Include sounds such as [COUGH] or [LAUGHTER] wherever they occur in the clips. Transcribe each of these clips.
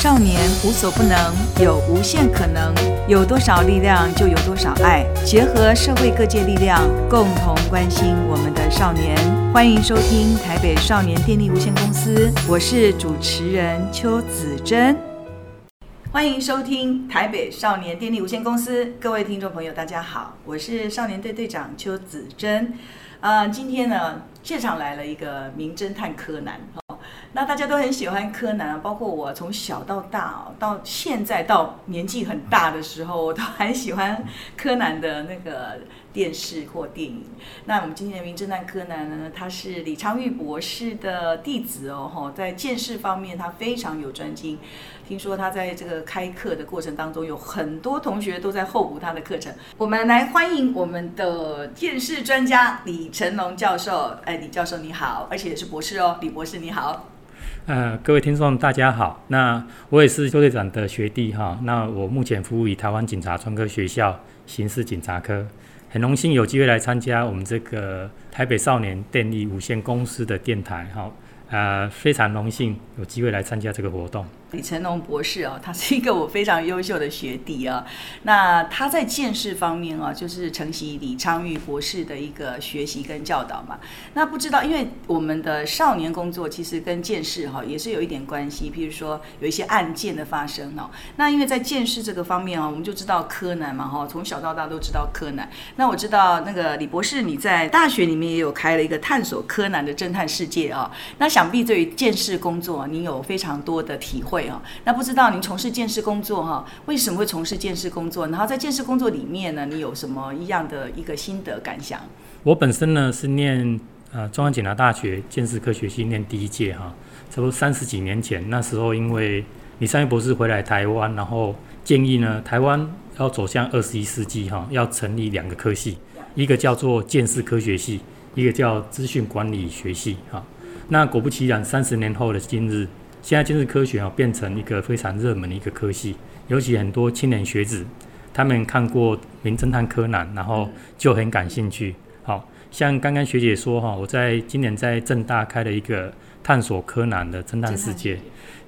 少年無所不能，有無限可能。有多少力量，就有多少愛。結合社會各界力量，共同關心我們的少年。歡迎收聽台北少年電力無限公司，我是主持人邱子珍。歡迎收聽台北少年電力無限公司，各位聽眾朋友，大家好，我是少年隊隊長邱子珍。呃，今天呢，現場來了一個名偵探柯南。那大家都很喜歡柯南啊，包括我從小到大哦，到現在到年紀很大的時候，我都很喜歡柯南的那個。電視或電影，那我們今天的名偵探柯南呢？他是李昌鈺博士的弟子哦，在鑑識方面他非常有專精。聽說他在這個開課的過程當中，有很多同學都在候補他的課程。我們來歡迎我們的鑑識專家李承龍教授。哎，李教授你好，而且也是博士哦，李博士你好。呃，各位聽眾大家好，那我也是邱隊長的學弟哈，那我目前服務於臺灣警察專科學校刑事警察科。很榮幸有機會來參加我們這個台北少年電力有限公司的電台，好，呃，非常榮幸有機會來參加這個活動。李承龍博士哦、喔，他是一個我非常優秀的學弟啊、喔。那他在鑑識方面啊、喔，就是承襲李昌鈺博士的一個學習跟教導嘛。那不知道，因為我們的少年工作其實跟鑑識哈也是有一點關係。比如說有一些案件的發生哦、喔。那因為在鑑識這個方面哦、喔，我們就知道柯南嘛哈、喔，從小到大都知道柯南。那我知道那個李博士你在大學裡面也有開了一個探索柯南的偵探世界啊、喔。那想必對於鑑識工作，你有非常多的體會。那不知道您從事鑑識工作哈，為什麼會從事鑑識工作？然後在鑑識工作裡面呢，你有什麼一樣的一個心得感想？我本身呢是念呃中央警察大學鑑識科學系念第一屆哈，差不多三十幾年前，那時候因為李昌鈺博士回來台灣，然後建議呢台灣要走向二十一世紀哈，要成立兩個科系，一個叫做鑑識科學系，一個叫資訊管理學系哈。那果不其然，三十年後的今日。現在鑑識科學啊，變成一個非常熱門的一個科系，尤其很多青年學子，他們看過《名偵探柯南》，然後就很感興趣。好像剛剛學姐說哈，我在今年在政大開了一個探索柯南的偵探世界，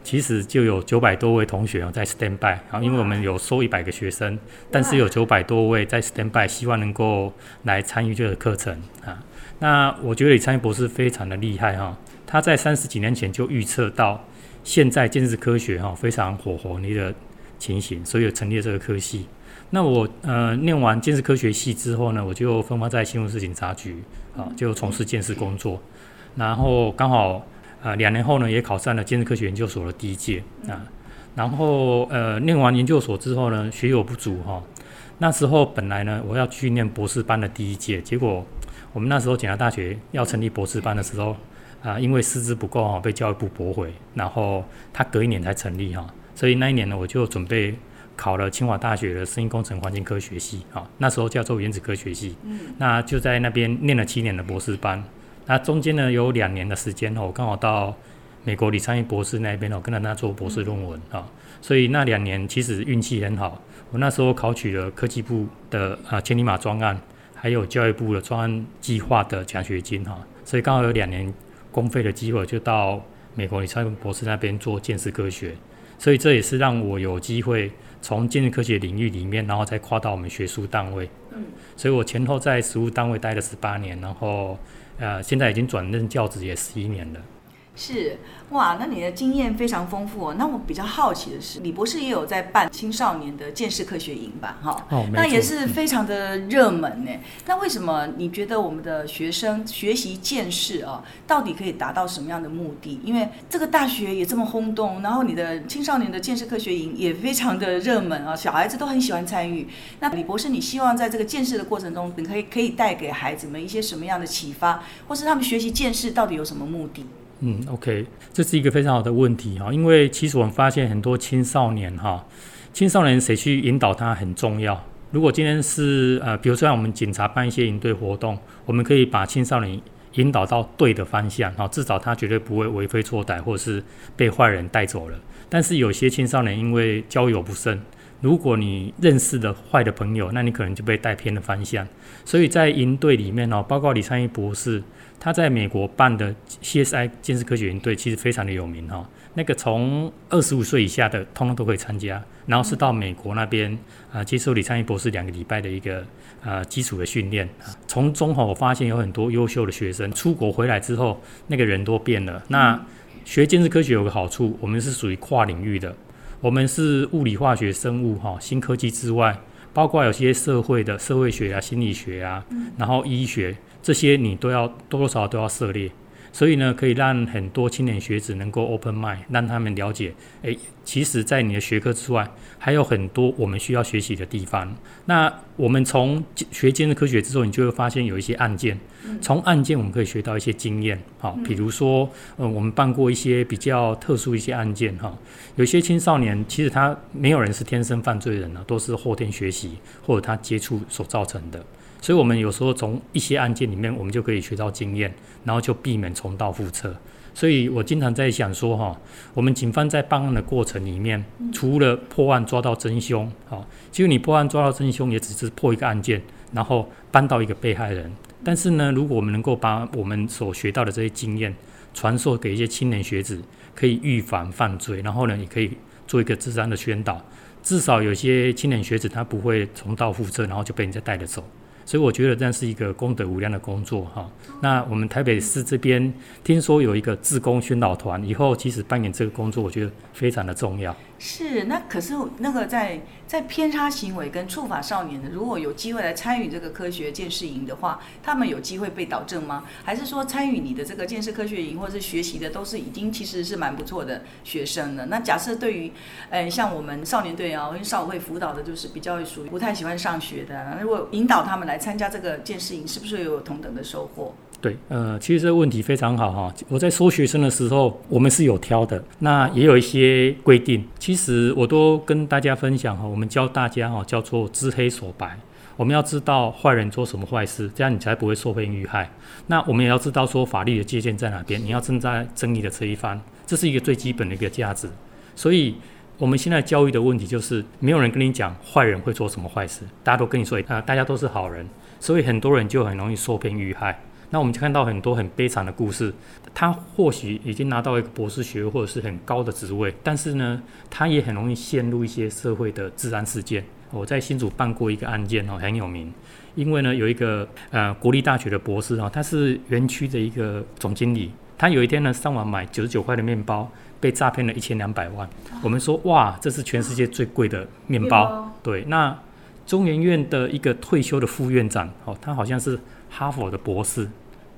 其實就有九百多位同學哦在 stand by，然後因為我們有收一百個學生，但是有九百多位在 stand by，希望能夠來參與這個課程啊。那我覺得李昌鈺博士非常的厲害哈。他在三十幾年前就預測到現在鑑識科學哈非常火紅的一個情形，所以有成立了這個科系。那我呃念完鑑識科學系之後呢，我就分發在新竹市警察局啊，就從事鑑識工作、嗯。然後剛好啊、呃、兩年後呢，也考上了鑑識科學研究所的第一屆啊、嗯。然後呃念完研究所之後呢，學有不足哈、啊。那時候本來呢我要去念博士班的第一屆，結果我們那時候警察大學要成立博士班的時候。啊，因為師資不夠啊，被教育部駁回，然後他隔一年才成立哈、啊，所以那一年呢，我就準備考了清華大學的生醫工程環境科學系啊，那時候叫做原子科學系，嗯，那就在那邊念了七年的博士班，嗯、那中間呢有兩年的時間哦、啊，我剛好到美國李昌鈺博士那邊哦、啊，跟着他做博士論文、嗯、啊，所以那兩年其實運氣很好，我那時候考取了科技部的啊千里馬專案，還有教育部的專案計劃的獎學金哈、啊，所以剛好有兩年。公費的機會就到美國李昌鈺博士那邊做鑑識科學，所以這也是讓我有機會從鑑識科學領域裡面，然後再跨到我們學術單位。嗯，所以我前後在實務單位待了十八年，然後呃，現在已經轉任教職也十一年了。是哇，那你的經驗非常豐富哦。那我比較好奇的是，李博士也有在辦青少年的鑑識科學營吧？哈、哦哦，那也是非常的熱門呢、嗯。那為什麼你覺得我們的學生學習鑑識啊，到底可以達到什麼樣的目的？因為這個大學也這麼轟動，然後你的青少年的鑑識科學營也非常的熱門啊，小孩子都很喜歡參與。那李博士，你希望在這個鑑識的過程中，你可以可以帶給孩子們一些什麼樣的啟發，或是他們學習鑑識到底有什麼目的？嗯，OK，這是一個非常好的問題哈、哦，因為其實我們發現很多青少年哈、哦，青少年誰去引導他很重要。如果今天是呃，比如說讓我們警察辦一些營隊活動，我們可以把青少年引導到對的方向，哈、哦，至少他絕對不會為非作歹，或是被壞人帶走了。但是有些青少年因為交友不慎，如果你認識的壞的朋友，那你可能就被帶偏了方向。所以在營隊裡面哦，包括李承龍博士，他在美國辦的 CSI 鑑識科學營隊其實非常的有名哈、哦，那個從二十五歲以下的通通都可以參加，然後是到美國那邊啊接受李昌鈺博士兩個禮拜的一個啊基礎的訓練，從中哈我發現有很多優秀的學生出國回來之後那個人都變了。那學鑑識科學有個好處，我們是屬於跨領域的，我們是物理、化學、生物哈、啊、新科技之外，包括有些社會的社會學啊、心理學啊，然後醫學。這些你都要多多少少都要涉獵，所以呢，可以讓很多青年學子能夠 open mind，讓他們了解，誒、欸，其實，在你的學科之外，還有很多我們需要學習的地方。那我們從學鑑識科學之後，你就會發現有一些案件，從、嗯、案件我們可以學到一些經驗。哈、啊嗯，比如說，嗯、呃，我們辦過一些比較特殊一些案件哈、啊，有些青少年其實他沒有人是天生犯罪人呢、啊，都是後天學習或者他接觸所造成的。所以，我們有時候從一些案件裡面，我們就可以學到經驗，然後就避免重蹈覆轍。所以我經常在想說，哈，我們警方在辦案的過程裡面，除了破案抓到真凶，哈，其實你破案抓到真凶，也只是破一個案件，然後扳到一個被害人。但是呢，如果我們能夠把我們所學到的這些經驗，傳授給一些青年學子，可以預防犯罪，然後呢，也可以做一個治安的宣導，至少有些青年學子他不會重蹈覆轍，然後就被人家帶着走。所以我覺得這是一個功德無量的工作哈。那我們台北市這邊聽說有一個志工宣導團，以後其實扮演這個工作，我覺得非常的重要。是，那可是那個在。在偏差行為跟觸法少年的，如果有機會來參與這個科學鑑識營的話，他們有機會被導正嗎？還是說參與你的這個鑑識科學營，或者是學習的都是已經其實是蠻不錯的學生了？那假設對於，誒、欸，像我們少年隊啊跟少會輔導的，就是比較屬於不太喜歡上學的，如果引導他們來參加這個鑑識營，是不是有同等的收穫？對，呃，其實這個問題非常好哈、啊。我在收學生的時候，我們是有挑的，那也有一些規定、嗯，其實我都跟大家分享哈、啊。我們教大家叫做知黑守白。我們要知道壞人做什麼壞事，這樣你才不會受騙遇害。那我們也要知道說法律的界限在哪邊，你要站在正義的這一方，這是一個最基本的一個價值。所以我們現在教育的問題就是，沒有人跟你講壞人會做什麼壞事，大家都跟你說啊、呃，大家都是好人，所以很多人就很容易受騙遇害。那我們就看到很多很悲慘的故事，他或許已經拿到一個博士學位或者是很高的職位，但是呢，他也很容易陷入一些社會的治安事件。我在新竹辦過一個案件哦，很有名，因為呢，有一個呃國立大學的博士哦，他是園區的一個總經理，他有一天呢上網買九十九塊的麵包，被詐騙了一千兩百萬。我們說哇，這是全世界最貴的麵包。對，那中研院的一個退休的副院長哦，他好像是哈佛的博士。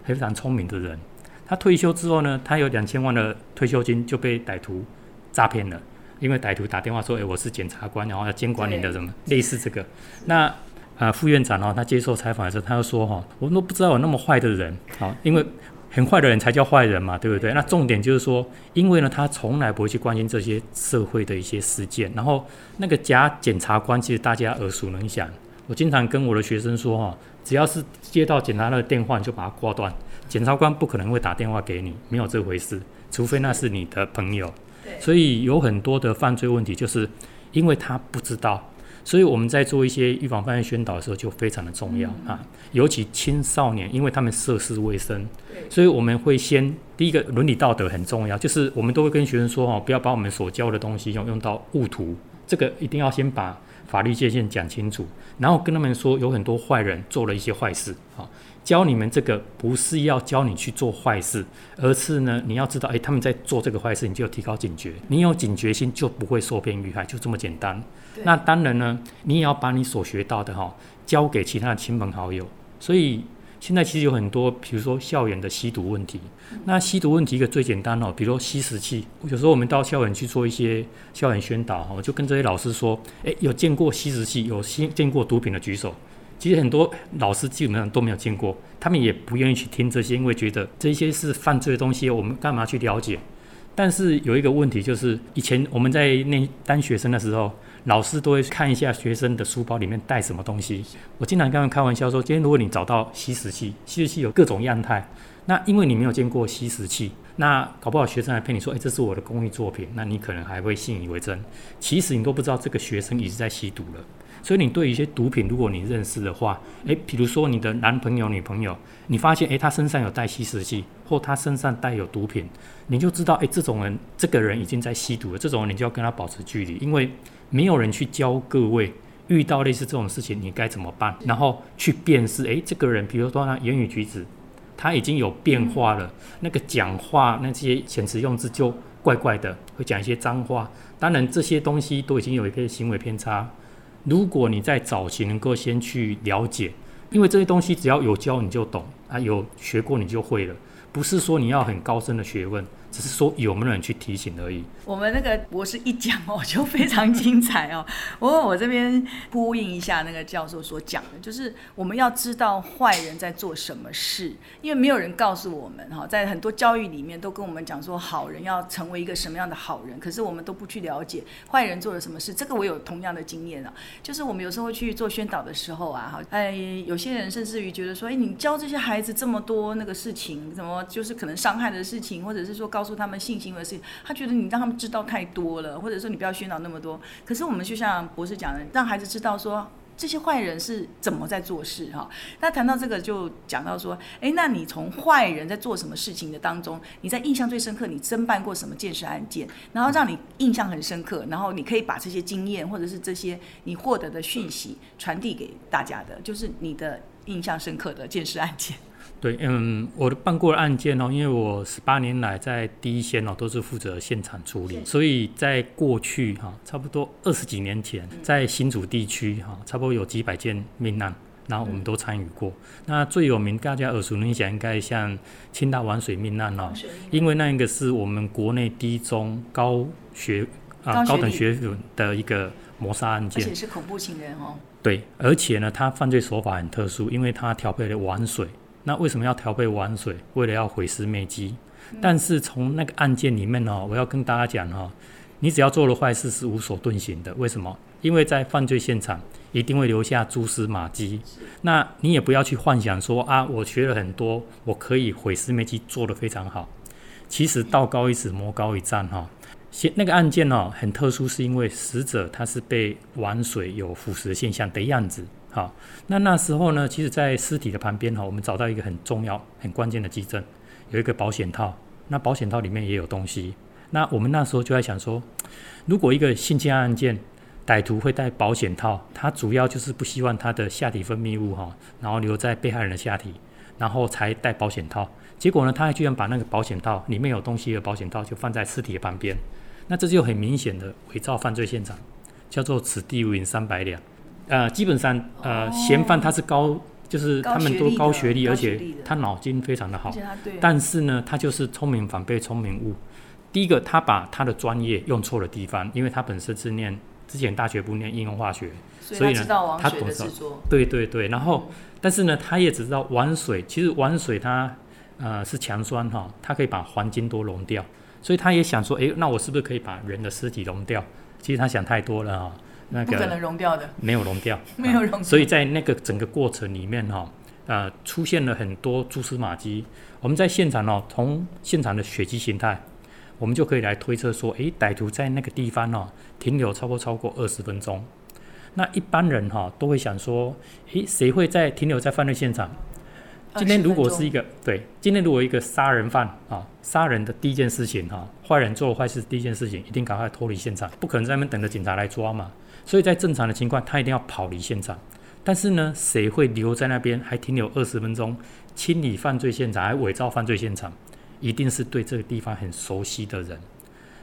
非常聰明的人，他退休之後呢，他有兩千萬的退休金就被歹徒詐騙了，因為歹徒打電話說：“誒、欸，我是檢察官，然後要監管你的什麼，類似這個。那”那、呃、啊，副院長哦，他接受採訪的時候，他就說、哦：“哈，我們都不知道有那麼壞的人，啊，因為很壞的人才叫壞人嘛，對不對？”那重點就是說，因為呢，他從來不會去關心這些社會的一些事件。然後那個假檢察官其實大家耳熟能詳，我經常跟我的學生說、哦：“哈。”只要是接到警察的電話，你就把它掛斷。檢察官不可能會打電話給你，沒有這回事。除非那是你的朋友。對。所以有很多的犯罪問題，就是因為他不知道。所以我們在做一些預防犯罪宣導的時候，就非常的重要、嗯、啊。尤其青少年，因為他們涉世未深。對。所以我們會先第一個倫理道德很重要，就是我們都會跟學生說哦，不要把我們所教的東西用用到誤途。這個一定要先把。法律界限，講清楚，然後跟他們說，有很多壞人做了一些壞事，啊，教你們這個不是要教你去做壞事，而是呢，你要知道，哎、欸，他們在做這個壞事，你就要提高警覺，你有警覺心就不會受騙遇害，就這麼簡單。那當然呢，你也要把你所學到的哈，教、啊、給其他的親朋好友，所以。現在其實有很多，比如說校園的吸毒問題。那吸毒問題一個最簡單哦，比如說吸食器。有時候我們到校園去做一些校園宣導，我就跟這些老師說：誒，有見過吸食器、有吸見過毒品的舉手。其實很多老師基本上都沒有見過，他們也不願意去聽這些，因為覺得這些是犯罪的東西，我們幹嘛去了解？但是有一個問題就是，以前我們在那當學生的時候。老師都會看一下學生的書包裡面帶什麼東西。我經常跟他們開玩笑說，今天如果你找到吸食器，吸食器有各種樣態，那因為你沒有見過吸食器，那搞不好學生還騙你說，哎、欸，這是我的工藝作品，那你可能還會信以為真。其實你都不知道這個學生已經在吸毒了。所以，你對一些毒品，如果你認識的話，誒、欸，比如說你的男朋友、女朋友，你發現誒、欸，他身上有帶吸食器，或他身上帶有毒品，你就知道誒、欸，這種人，這個人已經在吸毒了。這種人，你就要跟他保持距離，因為沒有人去教各位遇到類似這種事情，你該怎麼辦？然後去辨識，誒、欸，這個人，比如說他言語舉止，他已經有變化了，那個講話那些遣詞用字就怪怪的，會講一些髒話。當然，這些東西都已經有一些行為偏差。如果你在早期能夠先去了解，因為這些東西只要有教你就懂啊，有學過你就會了，不是說你要很高深的學問。只是說有沒有人去提醒而已。我們那個博士一講哦，就非常精彩哦、喔。 [LAUGHS] 我我這邊呼應一下那個教授所講的，就是我們要知道壞人在做什麼事，因為沒有人告訴我們哈、喔，在很多教育裡面都跟我們講說好人要成為一個什麼樣的好人，可是我們都不去了解壞人做了什麼事。這個我有同樣的經驗啊，就是我們有時候去做宣導的時候啊，哈，哎，有些人甚至於覺得說，哎，你教這些孩子這麼多那個事情，怎麼就是可能傷害的事情，或者是說告。告訴他們性行為的事情，他覺得你讓他們知道太多了，或者說你不要宣導那麼多。可是我們就像博士講的，讓孩子知道說這些壞人是怎麼在做事哈、啊。那談到這個，就講到說，誒，那你從壞人在做什麼事情的當中，你在印象最深刻，你偵辦過什麼鑑識案件，然後讓你印象很深刻，然後你可以把這些經驗或者是這些你獲得的訊息傳遞給大家的，就是你的印象深刻的鑑識案件。對，嗯，我辦過的案件哦，因為我十八年來在第一線哦，都是負責現場處理，所以在過去哈、啊，差不多二十幾年前，嗯、在新竹地區哈、啊，差不多有幾百件命案，然後我們都參與過。嗯、那最有名，大家耳熟能詳，想應該像清大王水命案哦，因為那一個是我們國內第一宗高學啊高，高等學府的一個謀殺案件，而且是恐怖情人哦。對，而且呢，他犯罪手法很特殊，因為他調配了王水。那為什麼要調配王水？為了要毀屍滅跡。但是從那個案件裡面呢、哦，我要跟大家講哈、哦，你只要做了壞事是無所遁形的。為什麼？因為在犯罪現場一定會留下蛛絲馬跡。那你也不要去幻想說啊，我學了很多，我可以毀屍滅跡做得非常好。其實道高一尺，魔高一丈哈、哦。那個案件呢很特殊，是因為死者他是被王水有腐蝕現象的樣子。好，那那時候呢，其實，在屍體的旁邊哈、哦，我們找到一個很重要、很關鍵的跡證，有一個保險套。那保險套裡面也有東西。那我們那時候就在想說，如果一個性侵案件，歹徒會戴保險套，他主要就是不希望他的下體分泌物哈、哦，然後留在被害人的下體，然後才戴保險套。結果呢，他居然把那個保險套裡面有東西的保險套就放在屍體的旁邊，那這就很明顯的偽造犯罪現場，叫做此地無銀三百兩。呃，基本上，呃、哦，嫌犯他是高，就是他們都高學歷，而且他腦筋非常的好，但是呢，他就是聰明反被聰明誤。第一個，他把他的專業用錯了地方，因為他本身是念之前大學不念應用化學，所以，所以呢，他懂得製作，對對對，然後、嗯，但是呢，他也只知道王水，其實王水它呃是強酸哈，它可以把黃金都溶掉，所以他也想說，誒、欸，那我是不是可以把人的屍體溶掉？其實他想太多了啊。那個融掉的，沒有融掉， [LAUGHS] 沒有融掉、 [LAUGHS] 啊、所以在那個整個過程裡面哈，啊、呃，出現了很多蛛絲馬跡。我們在現場呢，從現場的血跡形態，我們就可以來推測說，誒，歹徒在那個地方呢、啊，停留，超不超過二十分鐘。那一般人哈、啊、都會想說，誒，誰會在停留在犯罪現場？今天如果是一個對，今天如果一個殺人犯啊，殺人的第一件事情哈，壞人做壞事第一件事情一定趕快脫離現場，不可能在那邊等着警察來抓嘛。所以在正常的情況，他一定要跑離現場。但是呢，誰會留在那邊還停留二十分鐘清理犯罪現場，還偽造犯罪現場？一定是對這個地方很熟悉的人。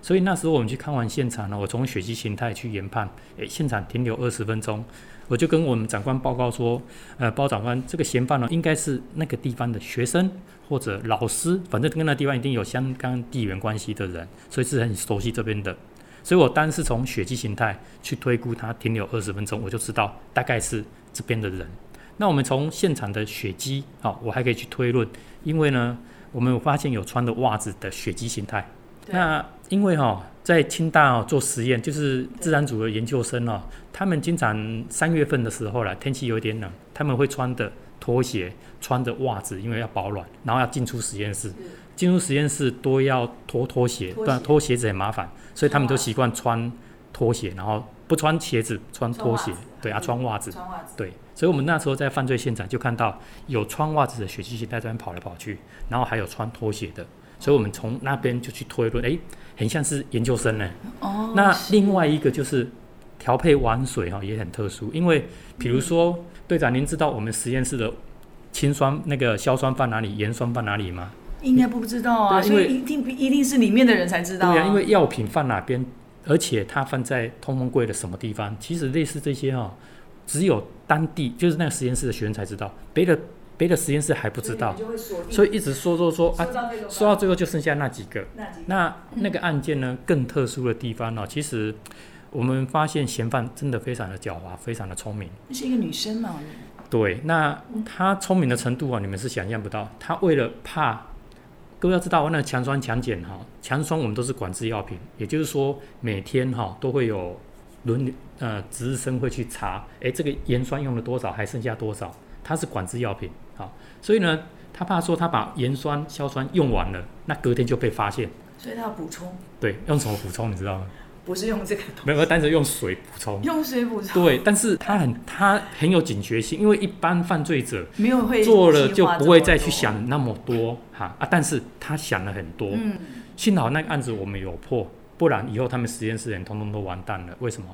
所以那時候我們去看完現場呢，我從血跡形態去研判，誒、欸，現場停留二十分鐘，我就跟我們長官報告說，呃，包長官，這個嫌犯呢應該是那個地方的學生或者老師，反正跟那個地方一定有相當地緣關係的人，所以是很熟悉這邊的。所以我單是從血跡形態去推估，它停留二十分鐘，我就知道大概是這邊的人。那我們從現場的血跡啊、哦，我還可以去推論，因為呢，我們有發現有穿的襪子的血跡形態、啊。那因為哈、哦，在清大、哦、做實驗，就是自然組的研究生哦，他們經常三月份的時候啦，天氣有點冷，他們會穿的。拖鞋穿着襪子，因為要保暖，然後要進出實驗室。進入實驗室都要脫拖鞋，然脫鞋，鞋子很麻煩，所以他們都習慣穿拖鞋，然後不穿鞋子，穿拖鞋。對啊，穿襪子，子。對，所以我們那時候在犯罪現場就看到有穿襪子的血跡在這邊跑來跑去，然後還有穿拖鞋的，所以我們從那邊就去推論，哎、欸，很像是研究生呢、欸。哦。那另外一個就是調配王水哈、喔，也很特殊，因為比如說。嗯隊長，您知道我們實驗室的氰酸，那個硝酸放哪裡，鹽酸放哪裡嗎？應該不知道啊，因為一定不一定是裡面的人才知道、啊。對啊，因為藥品放哪邊，而且它放在通風櫃的什麼地方，其實類似這些啊、哦，只有當地就是那個實驗室的學員才知道，別的別的實驗室還不知道。所以，就所以一直說說說啊，說到最後就剩下那幾個。那個那，那個案件呢、嗯，更特殊的地方呢、哦，其實。我們發現嫌犯真的非常的狡猾，非常的聰明。那是一個女生嘛？對，那她聰明的程度啊，你們是想象不到。她為了怕，各位要知道，那強酸強鹼哈，強酸我們都是管制藥品，也就是說每天哈、啊、都會有輪呃值日生會去查，哎、欸，這個鹽酸用了多少，還剩下多少，它是管制藥品、啊、所以呢，她怕說她把鹽酸硝酸用完了，那隔天就被發現，所以她要補充。對，用什麼補充？你知道嗎？ [LAUGHS] 不是用這個東西沒有，單純用水補充。用水補充。對，但是他很，他很有警覺性，因為一般犯罪者沒有會做了就不會再去想那麼多哈啊，啊，但是他想了很多。嗯。幸好那個案子我們有破，不然以後他們實驗室人通通都完蛋了。為什麼？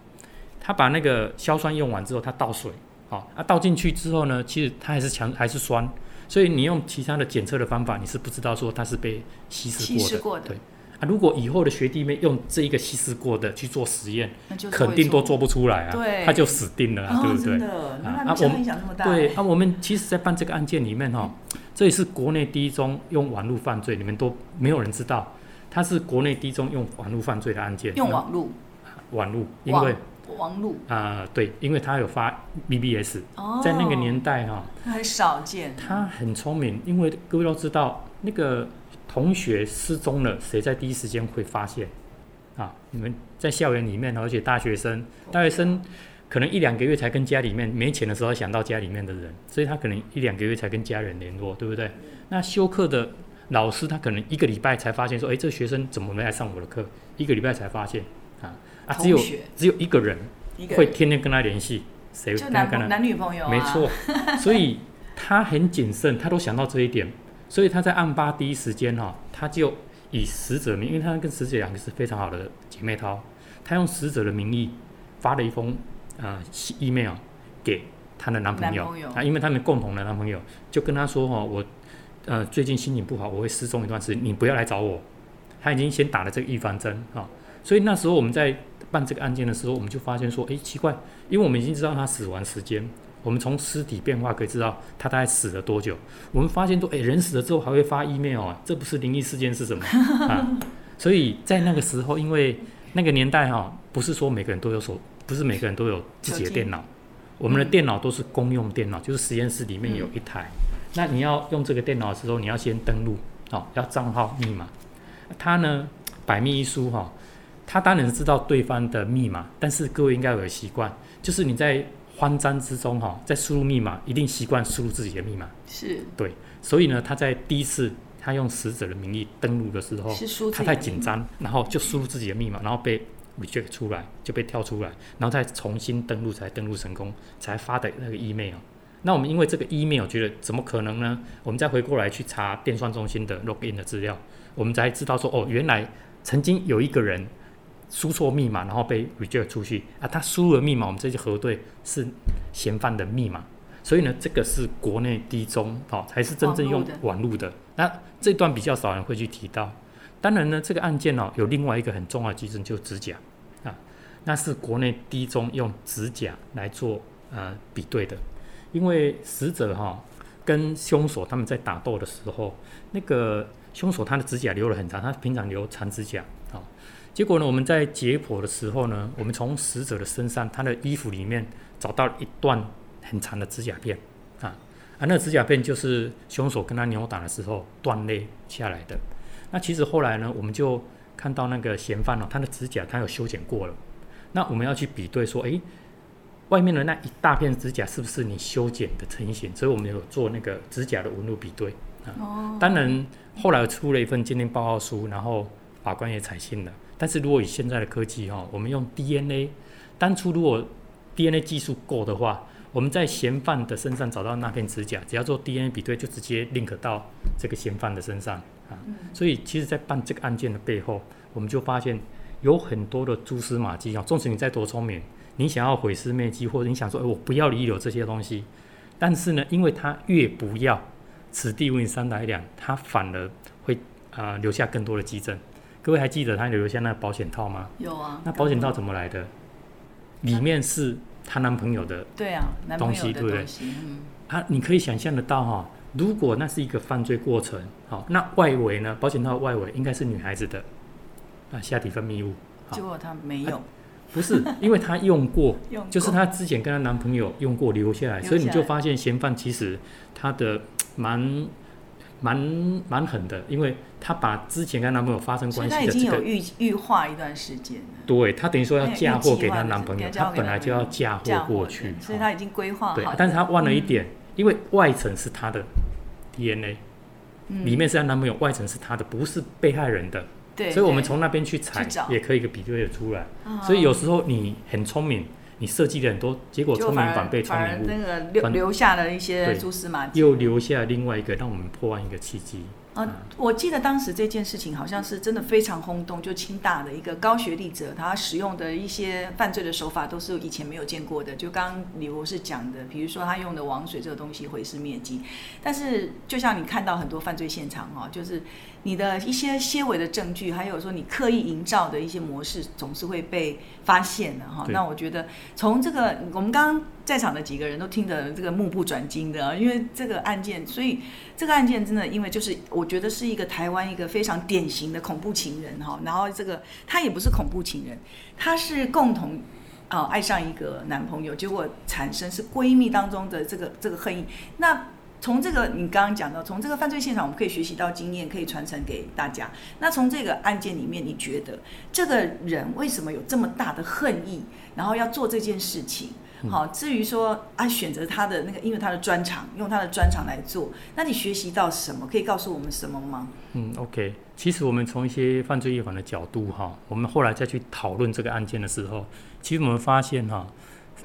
他把那個硝酸用完之後，他倒水，好，啊，倒進去之後呢，其實他還是強還是酸，所以你用其他的檢測的方法，你是不知道說它是被稀釋過的。稀釋過的。對。啊！如果以後的學弟妹用這一個稀釋過的去做實驗，肯定都做不出來啊，對他就死定了、啊哦，對不對？真的那、欸啊、我們影響這麼大。對那、啊、我們其實在辦這個案件裡面哈、喔嗯，這也是國內第一宗用網絡犯罪，你們都沒有人知道，它是國內第一宗用網絡犯罪的案件。用網絡、嗯？網絡？因為網絡啊、呃，對，因為他有發 BBS、哦、在那個年代哈、喔，他很少見。他很聰明，因為各位都知道那個。同學失蹤了，誰在第一時間會發現？啊，你們在校園裡面，而且大學生，大學生可能一兩個月才跟家裡面沒錢的時候想到家裡面的人，所以他可能一兩個月才跟家人聯絡，對不對？那修課的老師，他可能一個禮拜才發現，說，哎、欸，這學生怎麼沒來上我的課？一個禮拜才發現，啊啊，只有只有一個人會天天跟他聯繫，誰？跟他男女朋友、啊，沒錯，所以他很謹慎， [LAUGHS] 他都想到這一點。所以他在案發第一時間哈，他就以死者名義，因為他跟死者兩個是非常好的姐妹淘，他用死者的名義發了一封呃 email 給她的男朋友，啊，因為他們共同的男朋友就跟她說哈，我呃最近心情不好，我會失蹤一段時間，你不要來找我。她已經先打了這個預防針啊，所以那時候我們在辦這個案件的時候，我們就發現說，哎，奇怪，因為我們已經知道她死亡時間。我們從屍體變化可以知道他大概死了多久。我們發現都誒，人死了之後還會發 Email 啊，這不是靈異事件是什麼？啊，所以在那個時候，因為那個年代哈、啊，不是說每個人都有手，不是每個人都有自己的電腦，我們的電腦都是公用電腦，就是實驗室裡面有一台。那你要用這個電腦的時候，你要先登錄哦、啊，要賬號密碼。他呢，百密一疏哈，他當然知道對方的密碼，但是各位應該有個習慣，就是你在。慌張之中、哦，哈，在輸入密碼，一定習慣輸入自己的密碼，是對，所以呢，他在第一次他用死者的名義登錄的時候，他太緊張，然後就輸入自己的密碼，然後被 reject 出來，就被跳出來，然後再重新登錄才登錄成功，才發的那個 email。那我們因為這個 email，我覺得怎麼可能呢？我們再回過來去查電算中心的 login 的資料，我們才知道說，哦，原來曾經有一個人。輸錯密碼，然後被 reject 出去啊！他輸了密碼，我們再去核對是嫌犯的密碼，所以呢，這個是國內第一宗，哈、哦，才是真正用網路的路的，那這段比較少人會去提到。當然呢，這個案件呢、哦，有另外一個很重要的機制，就是指甲啊，那是國內第一宗用指甲來做呃比對的，因為死者哈、哦、跟凶手他們在打鬥的時候，那個凶手他的指甲留了很長，他平常留長指甲。結果呢，我們在解剖的時候呢，我們從死者的身上，他的衣服裡面找到了一段很長的指甲片，啊啊，那指甲片就是兇手跟他扭打的時候斷裂下來的。那其實後來呢，我們就看到那個嫌犯呢、哦、他的指甲他有修剪過了。那我們要去比對說，哎，外面的那一大片指甲是不是你修剪的成型？所以我們有做那個指甲的紋路比對。啊、哦、當然後來出了一份鑑定報告書，然後法官也採信了。但是如果以現在的科技哈，我們用 DNA，當初如果 DNA 技術夠的話，我們在嫌犯的身上找到那片指甲，只要做 DNA 比對，就直接 link 到這個嫌犯的身上啊、嗯。所以其實，在辦這個案件的背後，我們就發現有很多的蛛絲馬跡啊。縱使你再多聰明，你想要毀屍滅跡，或者你想說，欸、我不要遺留這些東西，但是呢，因為他越不要，此地無銀三百兩，他反而會啊、呃、留下更多的跡證。各位還記得她留下那個保險套嗎？有啊，那保險套怎麼來的？裡面是她男朋友的東西，對啊，的東西對不對、嗯？啊，你可以想象得到哈，如果那是一個犯罪過程，好，那外圍呢？保險套外圍應該是女孩子的、嗯，那下體分泌物。結果她沒有，啊、不是因為她用過， [LAUGHS] 用過，就是她之前跟她男朋友用過留，留下來，所以你就發現嫌犯其實他的蠻。蠻蠻狠的，因為她把之前跟男朋友發生關係的，這個他已經有預預化一段時間了。對她等於說要嫁禍給她男朋友，她本來就要嫁禍過去，啊、所以她已經規劃了。對，啊、但是她忘了一點，嗯、因為外層是她的 DNA，、嗯、裡面是她男朋友，外層是她的，不是被害人的。嗯、所以我們從那邊去採，也可以一個比對的出來、嗯。所以有時候你很聰明。你設計了很多，結果聰明反被聰明誤。那個留留下了一些蛛絲馬跡，又留下另外一個讓我們破案一個契機。哦、嗯啊，我記得當時這件事情好像是真的非常轟動，就清大的一個高學歷者，他使用的一些犯罪的手法都是以前沒有見過的。就剛剛李博士講的，比如說他用的王水這個東西毀屍滅跡，但是就像你看到很多犯罪現場哦，就是。你的一些些微的證據，還有說你刻意營造的一些模式，總是會被發現的、啊、哈。那我覺得從這個，我們剛剛在場的幾個人都聽得這個目不轉睛的、啊，因為這個案件，所以這個案件真的，因為就是我覺得是一個台灣一個非常典型的恐怖情人哈、啊。然後這個她也不是恐怖情人，她是共同啊愛上一個男朋友，結果產生是閨蜜當中的這個這個恨意。那從這個你剛剛講到，從這個犯罪現場，我們可以學習到經驗，可以傳承給大家。那從這個案件裡面，你覺得這個人為什麼有這麼大的恨意，然後要做這件事情？好，至於說啊，選擇他的那個，因為他的專長，用他的專長來做，那你學習到什麼？可以告訴我們什麼嗎嗯？嗯，OK，其實我們從一些犯罪預防的角度哈、啊，我們後來再去討論這個案件的時候，其實我們發現哈、啊，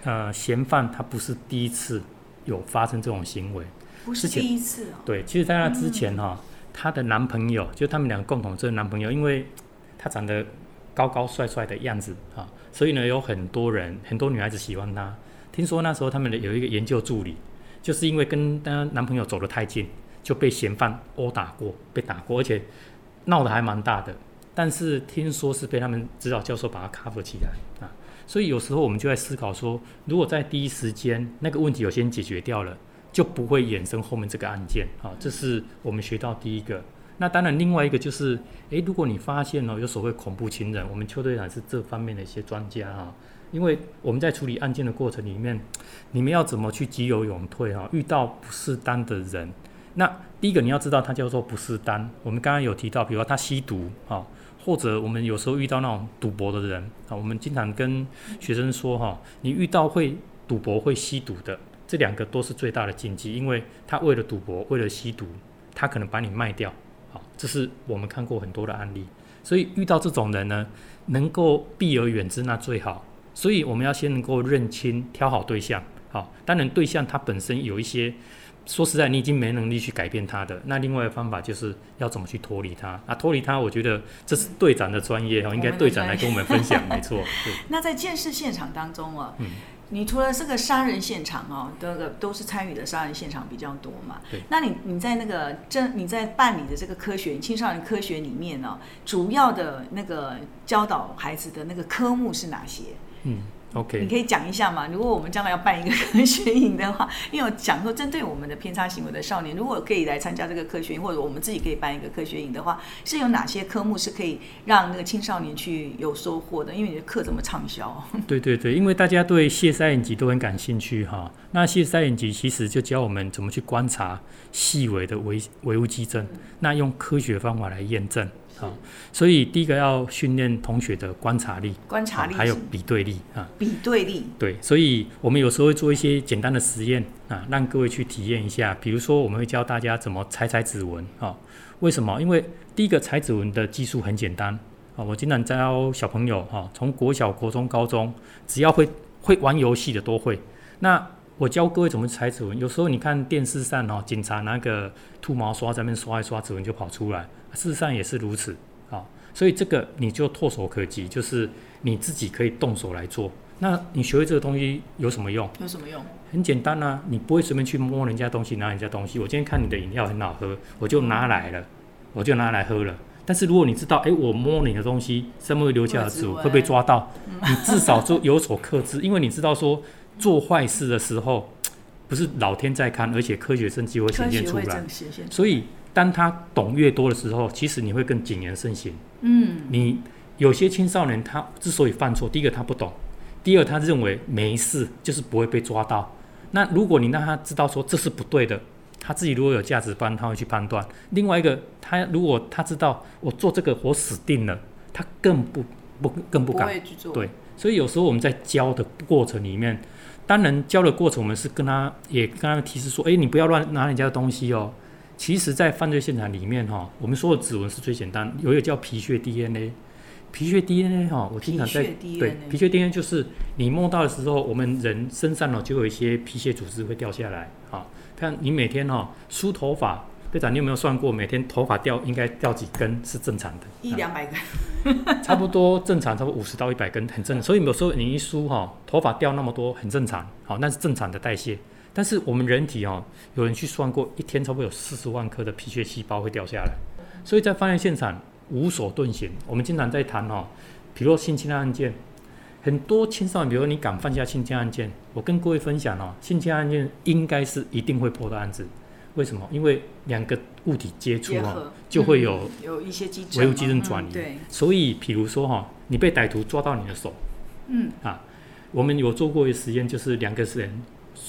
呃，嫌犯他不是第一次有發生這種行為。不是第一次哦。對，其實，在那之前哈、哦，她、嗯、的男朋友，就他們兩個共同這個男朋友，因為她長得高高帥帥的樣子啊，所以呢，有很多人，很多女孩子喜歡她。聽說那時候，他們的有一個研究助理，就是因為跟她男朋友走得太近，就被嫌犯毆打過，被打過，而且鬧得還蠻大的。但是聽說是被他們指導教授把他 cover 起來啊。所以有時候我們就在思考說，如果在第一時間那個問題有先解決掉了。就不會衍生後面這個案件啊，這是我們學到第一個。那當然，另外一個就是，誒、欸，如果你發現呢、喔，有所謂恐怖情人，我們邱隊長是這方面的一些專家啊。因為我們在處理案件的過程裡面，你們要怎麼去急流勇退啊？遇到不適當的人，那第一個你要知道他叫做不適當。我們剛剛有提到，比如說他吸毒啊，或者我們有時候遇到那種賭博的人啊，我們經常跟學生說哈、啊，你遇到會賭博、會吸毒的。這兩個都是最大的禁忌，因為他為了賭博，為了吸毒，他可能把你賣掉。好，這是我們看過很多的案例，所以遇到這種人呢，能夠避而遠之那最好。所以我們要先能夠認清、挑好對象。好，當然對象他本身有一些，說實在，你已經沒能力去改變他的。那另外的方法就是要怎麼去脫離他？那、啊、脫離他，我覺得這是隊長的專業哦，應該隊長來跟我們分享。沒錯，對。 [LAUGHS] 那在鑑識現場當中啊。嗯你除了這個殺人現場哦，各個都是參與的殺人現場比較多嘛？對。那你你在那個這你在辦理的這個科學青少年科學裡面呢、哦，主要的那個教導孩子的那個科目是哪些？嗯。OK，你可以講一下嘛？如果我們將來要辦一個科學營的話，因為我講說針對我們的偏差行為的少年，如果可以來參加這個科學營，或者我們自己可以辦一個科學營的話，是有哪些科目是可以讓那個青少年去有收穫的？因為你的課怎麼暢銷？對對對，因為大家對 CSI 影集都很感興趣哈、啊。那 CSI 影集其實就教我們怎麼去觀察細微的微微物、物、嗯、跡證，那用科學方法來驗證。啊、哦，所以第一個要訓練同學的觀察力、啊，觀察力還有比對力啊，比對力。對，所以我們有時候會做一些簡單的實驗啊，讓各位去體驗一下。比如說，我們會教大家怎麼採採指紋啊。為什麼？因為第一個採指紋的技術很簡單啊。我經常教小朋友哈，從國小、國中、高中，只要會會玩遊戲的都會。那我教各位怎麼採指紋。有時候你看電視上哦，、啊，警察，拿個兔毛刷在那邊刷一刷，指紋就跑出來。事實上也是如此啊，所以這個你就唾手可及，就是你自己可以動手來做。那你學會這個東西有什麼用？有什麼用？很簡單啊，你不會隨便去摸人家東西、拿人家東西。我今天看你的飲料很好喝，我就拿來了，我就拿來喝了。但是如果你知道，誒，我摸你的東西，身上留下的證物會被抓到，你至少就有所克制，因為你知道說做壞事的時候，不是老天在看，而且科學證據會顯現出來，所以。當他懂越多的時候，其實你會更謹言慎行。嗯，你有些青少年他之所以犯錯，第一個他不懂，第二他認為沒事，就是不會被抓到。那如果你讓他知道說這是不對的，他自己如果有價值觀，他會去判斷。另外一個，他如果他知道我做這個我死定了，他更不不，更不敢、不會去做。對，所以有時候我們在教的過程裡面，當然教的過程我們是跟他也跟他們提示說，欸，你不要亂拿人家的東西哦。其實，在犯罪現場裡面、哦，哈，我們說的指紋是最簡單，有一個叫皮屑 DNA，皮屑 DNA 哈、哦，我經常在皮屑對皮屑 DNA 就是你摸到的時候，我們人身上呢就有一些皮屑組織會掉下來，哈、哦，看你每天哈、哦、梳頭髮，隊長，你有沒有算過每天頭髮掉應該掉幾根是正常的？啊、一兩百根， [LAUGHS] 差不多正常，差不多五十到一百根很正常，所以有時候你一梳哈頭髮掉那麼多很正常，好、哦，那是正常的代謝。但是我們人體哦，有人去算過，一天差不多有四十萬顆的皮屑細胞會掉下來，所以在犯罪現場無所遁形。我們經常在談哦，比如說性侵案件，很多青少年，比如說你敢犯下性侵案件，我跟各位分享哦，性侵案件應該是一定會破的案子。為什麼？因為兩個物體接觸哦，就會有、嗯、有一些基因，會有轉移。嗯、所以比如說哈、哦，你被歹徒抓到你的手，嗯啊，我們有做過一個實驗，就是兩個人。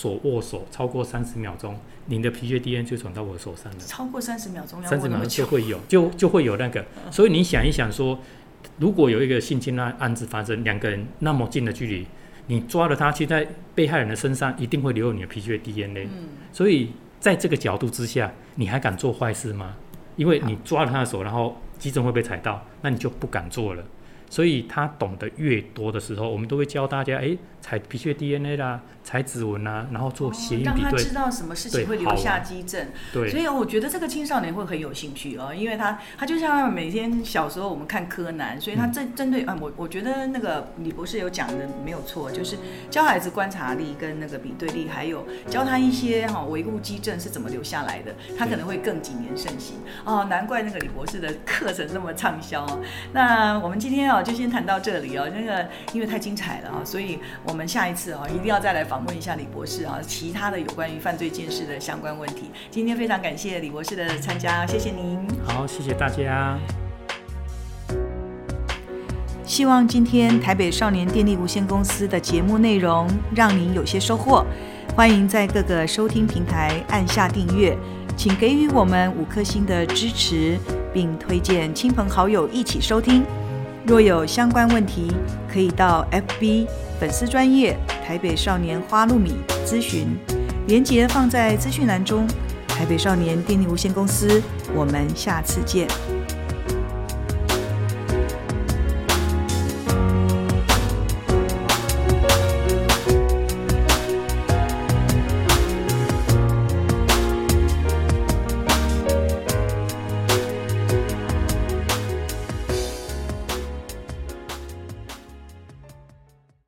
手握手超過三十秒鐘，你的皮屑 DNA 就傳到我手上了。超過三十秒鐘，三十秒就會有， [LAUGHS] 就就會有那個。所以你想一想說，說如果有一個性侵案案子發生，兩、嗯、個人那麼近的距離，你抓了他，其實在被害人的身上一定會留有你的皮屑 DNA、嗯。所以在這個角度之下，你還敢做壞事嗎？因為你抓了他的手，然後腳趾會被踩到，那你就不敢做了。所以他懂得越多的時候，我們都會教大家，誒、欸。採皮血 DNA 啦，採指紋啊，然後做血筆、嗯，讓他知道什麼事情會留下跡證、啊。對，所以我覺得這個青少年會很有興趣哦，因為他他就像他每天小時候我們看柯南，所以他針、嗯、針對啊，我我覺得那個李博士有講的沒有錯，就是教孩子觀察力跟那個比對力，還有教他一些哈微物跡證是怎麼留下來的，他可能會更謹言慎行哦。難怪那個李博士的課程那麼暢銷、哦。那我們今天啊、哦，就先談到這裡哦，那個因為太精彩了啊、哦，所以。我們下一次啊，一定要再來訪問一下李博士啊，其他的有關於犯罪鑑識的相關問題。今天非常感謝李博士的參加，謝謝您。好，謝謝大家。希望今天台北少年電力無限公司的節目內容讓您有些收穫。歡迎在各個收聽平台按下訂閱，請給予我們五顆星的支持，並推薦親朋好友一起收聽。若有相關問題，可以到 FB。粉絲專業，台北少年花露米諮詢，連結放在資訊欄中。台北少年電力無限公司，我們下次見。